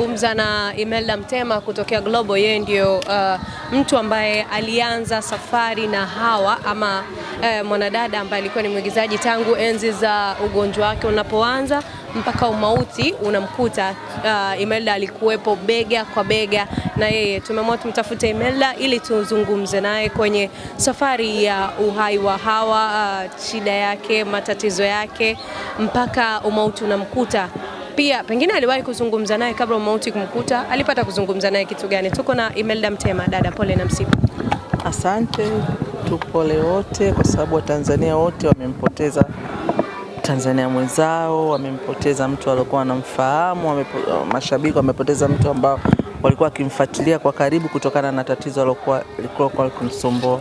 nimezungumza na Imelda Mtema kutokea Global. Yeye ndio uh, mtu ambaye alianza safari na Hawa ama uh, mwanadada ambaye alikuwa ni mwigizaji tangu enzi za ugonjwa wake unapoanza mpaka umauti unamkuta. Uh, Imelda alikuwepo bega kwa bega na yeye. Tumeamua tumtafute Imelda ili tuzungumze naye kwenye safari ya uhai wa Hawa, uh, shida yake, matatizo yake mpaka umauti unamkuta. Pia pengine aliwahi kuzungumza naye kabla mauti kumkuta, alipata kuzungumza naye kitu gani? Tuko na Imelda Mtema. Dada, pole na msiba. Asante, tupole wote kwa sababu Watanzania wote wamempoteza Tanzania mwenzao, wamempoteza mtu aliokuwa anamfahamu, mashabiki wamepoteza mtu ambao walikuwa wakimfuatilia kwa karibu kutokana na tatizo alokuwa likuwa kumsumbua. Okay.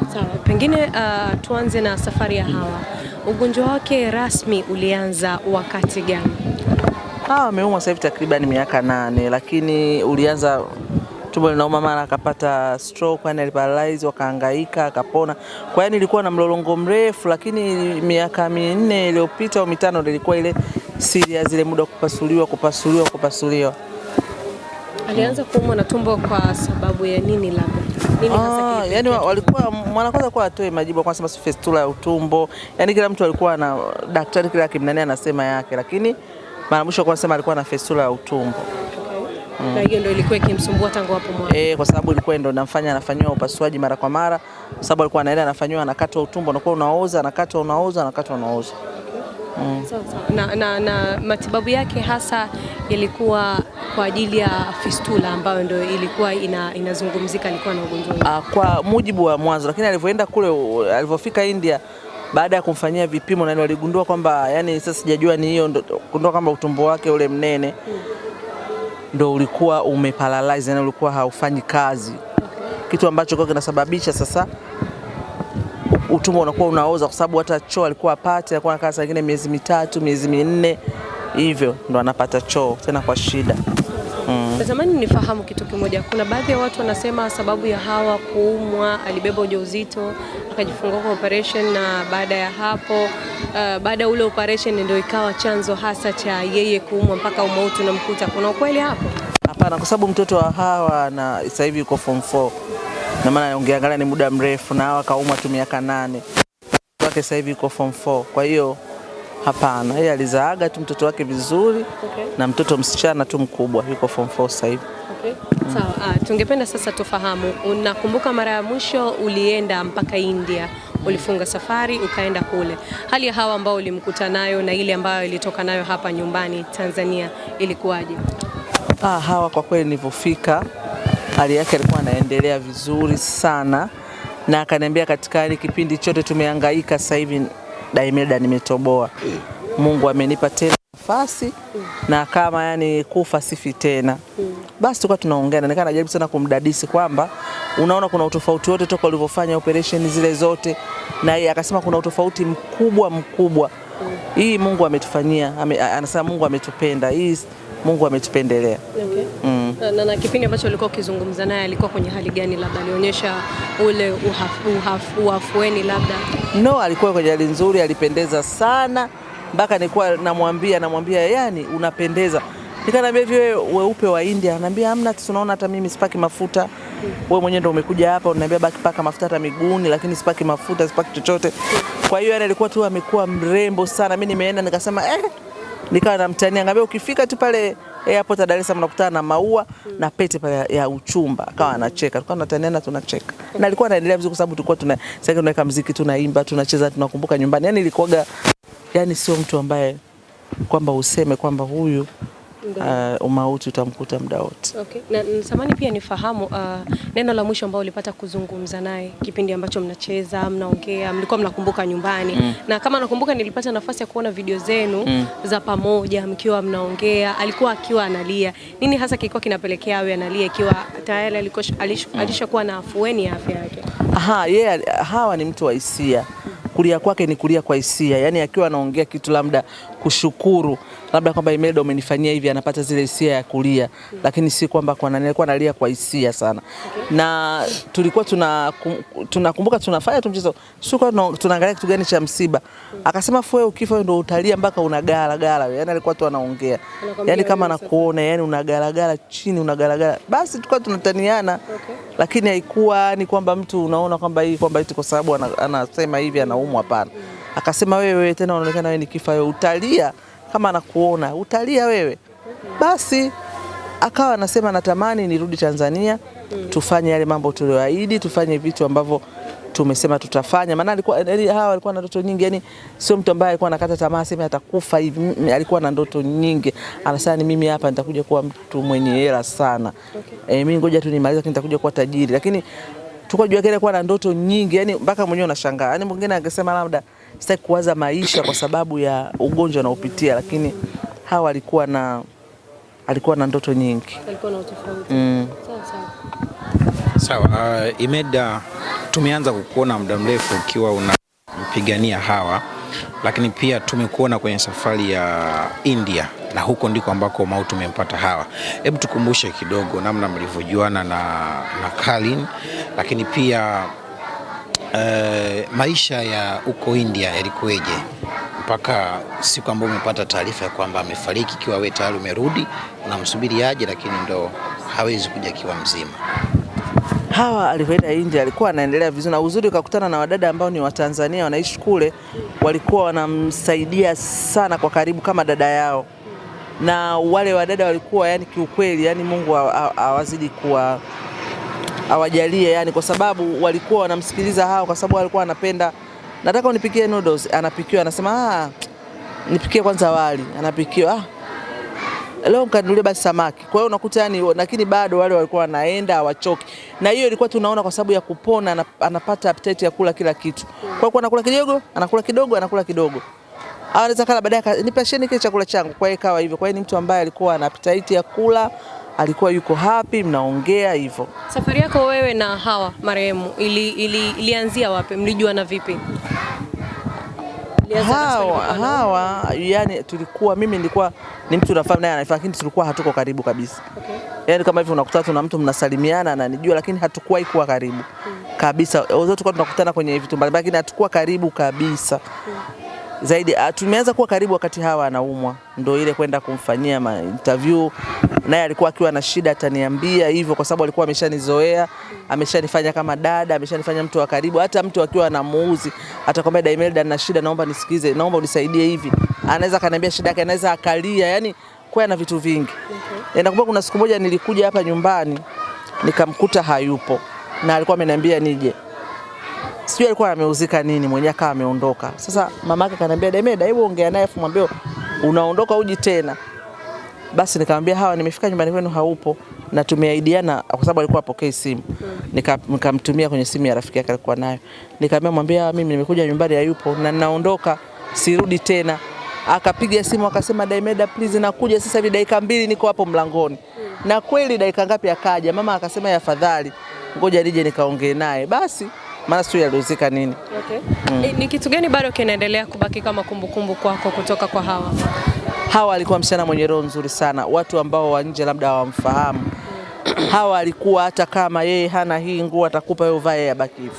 Mm. Sawa, pengine uh, tuanze na safari ya Hawa ugonjwa wake rasmi ulianza wakati gani? Ah, ameumwa sasa hivi takriban miaka nane, lakini ulianza tumbo linauma, mara akapata stroke, yani aliparalyze, wakahangaika, akapona. Kwa hiyo nilikuwa na mlolongo mrefu, lakini miaka minne iliyopita au mitano nilikuwa ile siria zile muda kupasuliwa kupasuliwa kupasuliwa. Alianza kuumwa na tumbo kwa sababu ya nini labda? nini hasa ah, yani walikuwa mwana kwanza atoe majibu kwa sema fistula ya utumbo, yani kila mtu alikuwa na daktari kila kimnani anasema yake, lakini mara mwisho kwa sema alikuwa na fistula ya utumbo Mm. Na hiyo ndio ilikuwa ikimsumbua tangu hapo mwanzo. Eh, kwa sababu ilikuwa ndio namfanya anafanyiwa upasuaji mara kwa mara, kwa sababu alikuwa anaenda anafanywa anakatwa utumbo, anakuwa unaoza, anakatwa unaoza, anakatwa unaoza mm. na, na, na matibabu yake hasa yalikuwa kwa ajili ya fistula ambayo ndio ilikuwa ina, inazungumzika alikuwa na ugonjwa ah, kwa mujibu wa mwanzo, lakini alivyoenda kule, alivyofika India baada ya kumfanyia vipimo na waligundua kwamba yani, sasa sijajua ni hiyo kundua kwamba utumbo wake ule mnene mm. ndo ulikuwa umeparalyze, yani ulikuwa haufanyi kazi okay. kitu ambacho kwa kinasababisha sasa utumbo unakuwa unaoza, kwa sababu hata choo alikuwa apate, alikuwa anakaa saa nyingine miezi mitatu miezi minne hivyo ndo anapata choo tena kwa shida. Mm. Natamani mm. nifahamu kitu kimoja. Kuna baadhi ya watu wanasema sababu ya Hawa kuumwa alibeba ujauzito akajifungua kwa operation, na baada ya hapo uh, baada ya ule operation ndio ikawa chanzo hasa cha yeye kuumwa mpaka umauti unamkuta. Kuna ukweli hapo? Hapana, kwa sababu mtoto wa Hawa na sasa hivi yuko form 4 na maana ungeangalia ni muda mrefu, na hawa kaumwa tu miaka nane, wake sasa hivi yuko form 4. Kwa hiyo hapana, yeye alizaaga tu mtoto wake vizuri okay. na mtoto msichana tu mkubwa yuko form 4 sasa hivi. Okay. Mm. Sawa, ah, tungependa sasa tufahamu, unakumbuka mara ya mwisho ulienda mpaka India, ulifunga safari ukaenda kule, hali ya hawa ambao ulimkuta nayo na ile ambayo ilitoka nayo hapa nyumbani Tanzania ilikuwaje? Ah, hawa kwa kweli nilivyofika hali yake alikuwa anaendelea vizuri sana, na akaniambia katika hali kipindi chote tumehangaika, sasa hivi Daimeda nimetoboa, eh. Mungu amenipa tena nafasi na kama yani kufa sifi tena. Basi tukawa tunaongea, nikaa najaribu sana kumdadisi kwamba unaona kuna utofauti wote toka ulivyofanya operation zile zote, na yeye akasema kuna utofauti mkubwa mkubwa. Hii Mungu ametufanyia, anasema Mungu ametupenda hii Mungu ametupendelea. Okay. Mm. Na, na kipindi ambacho ulikuwa ukizungumza naye alikuwa kwenye hali gani? Labda alionyesha ule uafueni? Labda no, alikuwa kwenye hali nzuri, alipendeza sana mpaka nilikuwa namwambia namwambia, yani unapendeza Nikanambia hivi wewe weupe wa India, Anambia amna, tunaona hata mimi sipaki mafuta. Mm. Wewe mwenyewe ndio umekuja hapa unaniambia baki paka mafuta hata miguuni, lakini sipaki mafuta, sipaki chochote. Kwa hiyo yani, alikuwa tu amekuwa mrembo sana. Mimi nimeenda nikasema eh nikawa namtania ngambia, ukifika tu pale airport ya Dar es Salaam nakutana na Maua hmm. na Pete pale ya uchumba, akawa anacheka, tukawa tunataniana tunacheka, na alikuwa anaendelea vizuri, kwa sababu tulikuwa tuna sasa tunaweka muziki, tunaimba, tunacheza, tunakumbuka nyumbani. Yani ilikuwaga yani, sio mtu ambaye kwamba useme kwamba huyu uh, eh, umauti utamkuta muda wote. Okay. Na samani pia nifahamu uh, neno la mwisho ambao ulipata kuzungumza naye kipindi ambacho mnacheza, mnaongea, mlikuwa mnakumbuka nyumbani mm. na kama nakumbuka nilipata nafasi ya kuona video zenu mm. za pamoja mkiwa mnaongea, alikuwa akiwa analia. Nini hasa kilikuwa kinapelekea awe analia ikiwa tayari mm. alishakuwa na afueni ya afya yake? Aha, yeah, Hawa ni mtu wa hisia kulia kwake ni kulia kwa hisia, yaani akiwa anaongea kitu labda kushukuru labda kwamba Imelda umenifanyia hivi, anapata zile hisia ya kulia mm. Lakini si kwamba kwa nani, alikuwa analia kwa hisia sana okay. Na tulikuwa tuna tunakumbuka tunafanya tu mchezo, sio tunaangalia kitu gani cha msiba mm. Akasema fue ukifa ndio utalia mpaka unagala gala, yani alikuwa tu anaongea yani kama anakuona yani unagalagala chini unagalagala, basi tulikuwa tunataniana okay. Lakini haikuwa ni kwamba mtu unaona kwamba hii kwamba eti kwa sababu anasema hivi anaumwa, hapana mm akasema wewe tena unaonekana wewe ni kifa, wewe utalia kama anakuona utalia wewe. Basi akawa anasema natamani nirudi Tanzania tufanye yale mambo tulioahidi, tufanye vitu ambavyo tumesema tutafanya. Maana alikuwa yaani hawa alikuwa na ndoto nyingi, yani sio mtu ambaye alikuwa anakata tamaa sema atakufa hivi. Alikuwa na ndoto nyingi, anasema ni mimi hapa nitakuja kuwa mtu mwenye hela sana. Okay. E, mimi ngoja tu nimalize, lakini nitakuja kuwa tajiri. Lakini tukojua kile alikuwa na ndoto nyingi, yani mpaka mwenyewe unashangaa, yani mwingine angesema labda sitaki kuwaza maisha kwa sababu ya ugonjwa naopitia, lakini hawa alikuwa na alikuwa na ndoto nyingi. Mm. Sawa sawa. uh, Imeda tumeanza kukuona muda mrefu ukiwa unampigania Hawa, lakini pia tumekuona kwenye safari ya India na huko ndiko ambako Mau umempata Hawa. Hebu tukumbushe kidogo namna mlivyojuana na, na Kalin, lakini pia Eh, maisha ya uko India yalikuweje mpaka siku ambayo umepata taarifa ya kwamba amefariki, kiwa wewe tayari umerudi unamsubiri aje, lakini ndo hawezi kuja kiwa mzima? Hawa alivyoenda India alikuwa anaendelea vizuri, na uzuri ukakutana na wadada ambao ni Watanzania wanaishi kule, walikuwa wanamsaidia sana kwa karibu kama dada yao, na wale wadada walikuwa yani, kiukweli yani Mungu awazidi kuwa awajalie yani, kwa sababu walikuwa wanamsikiliza hao, kwa sababu walikuwa wanapenda, nataka unipikie noodles, anapikiwa, anasema ah, nipikie kwanza wali, anapikiwa ah, leo mkanunulie basi samaki. Kwa hiyo unakuta yani, lakini bado wale walikuwa wanaenda hawachoki, na hiyo ilikuwa tunaona kwa sababu ya kupona, anapata appetite ya kula kila kitu. Kwa hiyo anakula kidogo, anakula kidogo, anakula kidogo anaweza kala baadaye nipasheni kile chakula changu. Kwa hiyo ikawa hivyo. Kwa hiyo ni mtu ambaye alikuwa ana appetite ya kula alikuwa yuko hapi, mnaongea hivyo. Safari yako wewe na Hawa marehemu ili, ili, ilianzia wapi? na vipi? Hawa, Hawa yani, tulikuwa mimi nilikuwa ni mtu nafahamu naye anafahamu, lakini tulikuwa hatuko karibu kabisa. Okay. Yani kama hivyo unakutana na mtu mnasalimiana, ananijua lakini hatukuwahi kuwa karibu hmm. kabisa. Wote tulikuwa tunakutana kwenye vitu mbalimbali, lakini hatukuwa karibu kabisa hmm zaidi ah, tumeanza kuwa karibu wakati hawa anaumwa, ndio ile kwenda kumfanyia interview. Naye alikuwa akiwa na shida ataniambia hivyo, kwa sababu alikuwa ameshanizoea, ameshanifanya kama dada, ameshanifanya mtu wa karibu. Hata mtu akiwa na muuzi atakwambia, Daimelda, nina shida, naomba nisikize, naomba unisaidie hivi. Anaweza kaniambia shida yake, anaweza akalia, yani kwa na vitu vingi okay. Eh, nakumbuka kuna siku moja nilikuja hapa nyumbani nikamkuta hayupo, na alikuwa ameniambia nije sijui alikuwa ameuzika nini, mwenyewe akawa ameondoka. Sasa mamake akaniambia, Demeda, hebu ongea naye afu mwambie unaondoka uji tena. Basi nikamwambia hawa, nimefika nyumbani kwenu haupo na tumeahidiana, kwa sababu alikuwa apokee simu. Nikamtumia kwenye simu ya rafiki yake alikuwa nayo, nikamwambia mwambie mimi nimekuja nyumbani hayupo na ninaondoka, sirudi tena. Akapiga simu akasema, Daimeda please, nakuja sasa hivi, dakika mbili niko hapo mlangoni. Na kweli dakika ngapi akaja, mama akasema, ya fadhali, ngoja nije nikaongee naye basi maana sio yaliuzika nini. Okay. Mm. Eh, ni, ni kitu gani bado kinaendelea kubaki kama kumbukumbu kwako kutoka kwa Hawa? Hawa alikuwa msichana mwenye roho nzuri sana, watu ambao wa nje labda hawamfahamu. Mm. Hawa alikuwa hata kama yeye hana hii nguo atakupa wewe uvae ya hivi.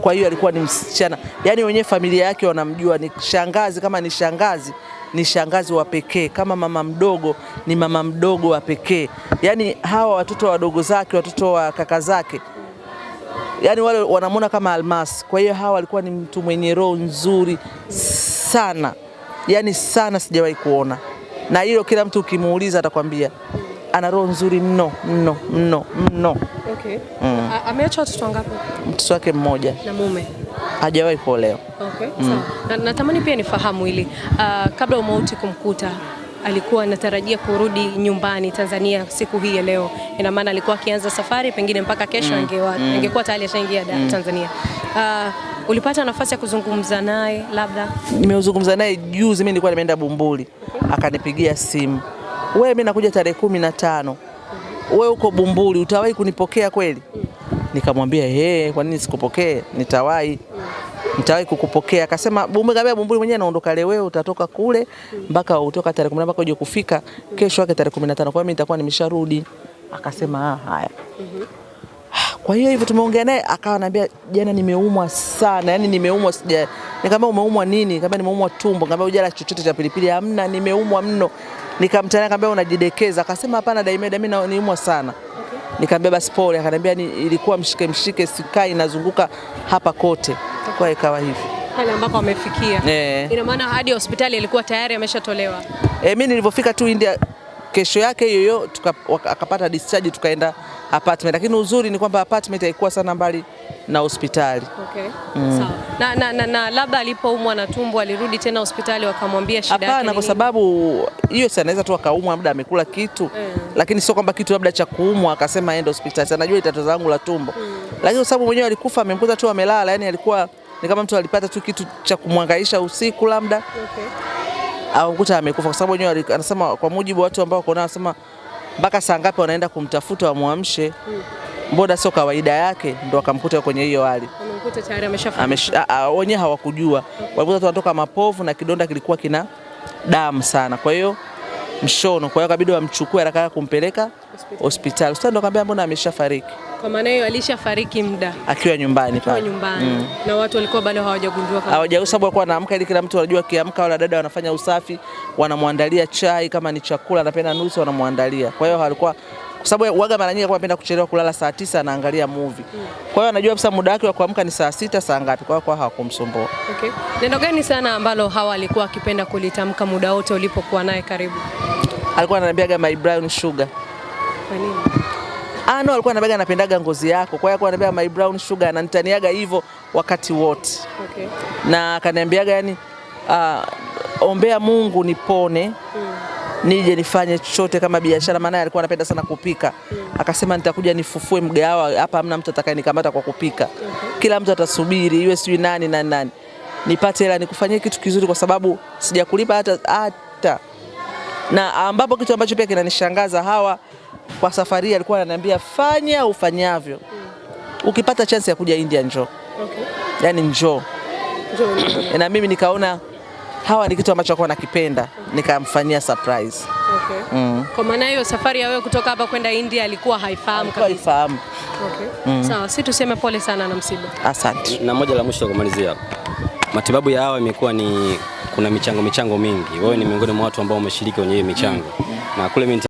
Kwa hiyo alikuwa ni msichana, yaani wenyewe familia yake wanamjua ni shangazi, kama ni shangazi ni shangazi wa pekee, kama mama mdogo ni mama mdogo wa pekee. Yaani hawa watoto wadogo zake, watoto wa kaka zake yani wale wanamwona kama almasi. Kwa hiyo hawa walikuwa ni mtu mwenye roho nzuri sana, yani sana, sijawahi kuona na hilo. Kila mtu ukimuuliza atakwambia ana roho nzuri mno mno mno mno. Okay. Mm. Ameacha watoto wangapi? Mtoto wake mmoja na mume hajawahi kuolewa. Okay. Mm. Sawa. Na natamani pia nifahamu ili uh, kabla umauti kumkuta alikuwa anatarajia kurudi nyumbani Tanzania siku hii ya leo. Ina maana alikuwa akianza safari pengine mpaka kesho mm. angewa, mm. tayari ashaingia mm. Tanzania. Uh, ulipata nafasi ya kuzungumza naye labda? Nimezungumza naye juzi, mimi nilikuwa nimeenda Bumbuli okay. Akanipigia simu, wewe mimi nakuja tarehe kumi na tano wewe uko Bumbuli, utawahi kunipokea kweli? Nikamwambia hey, eh, kwa nini sikupokee? Nitawahi nitawahi kukupokea. Akasema Bumbuli, Bumbuli mwenyewe anaondoka leo, wewe utatoka kule mpaka utoka tarehe 10 mpaka uje kufika kesho yake tarehe 15. Kwa hiyo mimi nitakuwa nimesharudi. Akasema ah, haya. Ah, kwa hiyo hivyo tumeongea naye, akawa ananiambia jana nimeumwa sana, yani nimeumwa sija. Nikamwambia umeumwa nini? Nikamwambia nimeumwa tumbo. Nikamwambia hujala chochote cha pilipili? Hamna, nimeumwa mno. Nikamtania, nikamwambia unajidekeza. Akasema hapana, Daimeda, mimi naumwa sana. Nikamwambia basi pole. Akaniambia ilikuwa mshike mshike, sikai nazunguka hapa kote kwa ikawa hivi pale ambapo amefikia. Eh. Ina maana hadi hospitali ilikuwa tayari ameshatolewa. Eh, mimi nilipofika tu India kesho yake hiyo akapata discharge tukaenda apartment, lakini uzuri ni kwamba apartment haikuwa sana mbali na hospitali. Okay. Mm. Na, na, na, na labda alipoumwa na tumbo alirudi tena hospitali wakamwambia shida yake. Hapana, kwa sababu hiyo si anaweza tu akaumwa labda amekula kitu mm. Lakini sio kwamba kitu labda cha kuumwa akasema aende hospitali. Anajua tatizo langu la tumbo mm. Lakini kwa sababu mwenyewe alikufa amemkuta tu amelala, yani alikuwa ni kama mtu alipata tu kitu cha kumwangaisha usiku labda. Okay. Au amekufa kwa sababu mwenyewe anasema, kwa mujibu wa watu ambao wako nao anasema mpaka saa ngapi wanaenda kumtafuta wamwamshe. mboda sio kawaida yake, ndo akamkuta kwenye hiyo hali. Wenyewe hawakujua, walikuwa tunatoka mapovu na kidonda kilikuwa kina damu sana, kwa hiyo mshono, kwa hiyo kabidi wamchukue haraka kumpeleka hospitali. Sasa ndo kaambia mbona ameshafariki. Kwa maana hiyo alishafariki muda akiwa nyumbani pale nyumbani. Mm. Na watu walikuwa bado hawajagundua kama hawajagundua, sababu alikuwa anaamka ili kila mtu anajua akiamka, wala dada wanafanya usafi, wanamwandalia chai, kama ni chakula anapenda nusu wanamwandalia, kwa hiyo alikuwa kwa sababu uaga mara nyingi anapenda kuchelewa kulala saa tisa anaangalia movie. Kwa hiyo anajua kabisa muda wake wa kuamka ni saa sita saa ngapi, kwa hiyo hawakumsumbua. Okay. Neno gani sana ambalo Hawa alikuwa akipenda kulitamka muda wote ulipokuwa naye karibu? Alikuwa ananiambiaga my brown sugar. Kwa nini? Ah, no, alikuwa anabega anapendaga ngozi yako, kwa hiyo alikuwa anambia my brown sugar, ananitaniaga hivyo wakati wote. Okay. Na akaniambiaga yani, uh, ombea Mungu nipone. Hmm nije nifanye chochote kama biashara, maana alikuwa anapenda sana kupika. Akasema nitakuja nifufue mgawa hapa, hamna mtu atakayenikamata kwa kupika, kila mtu atasubiri iwe sijui nani na nani, nipate hela nikufanyie kitu kizuri, kwa sababu sijakulipa hata hata. Na ambapo kitu ambacho pia kinanishangaza hawa kwa safari alikuwa ananiambia fanya ufanyavyo, ukipata chance ya kuja India njoo, okay. Yani njoo, njoo na mimi nikaona hawa ni kitu ambacho kwa nakipenda, nikamfanyia surprise. Okay. Mm. Kwa maana hiyo safari ya wewe kutoka hapa kwenda India alikuwa haifahamu kabisa. Haifahamu. Okay. Mm. Sawa, si tuseme pole sana na msiba. Asante. Na moja la mwisho kumalizia. Matibabu ya hawa imekuwa ni kuna michango michango mingi. Wewe ni miongoni mwa watu ambao umeshiriki kwenye hiyo michango. Mm. Na kule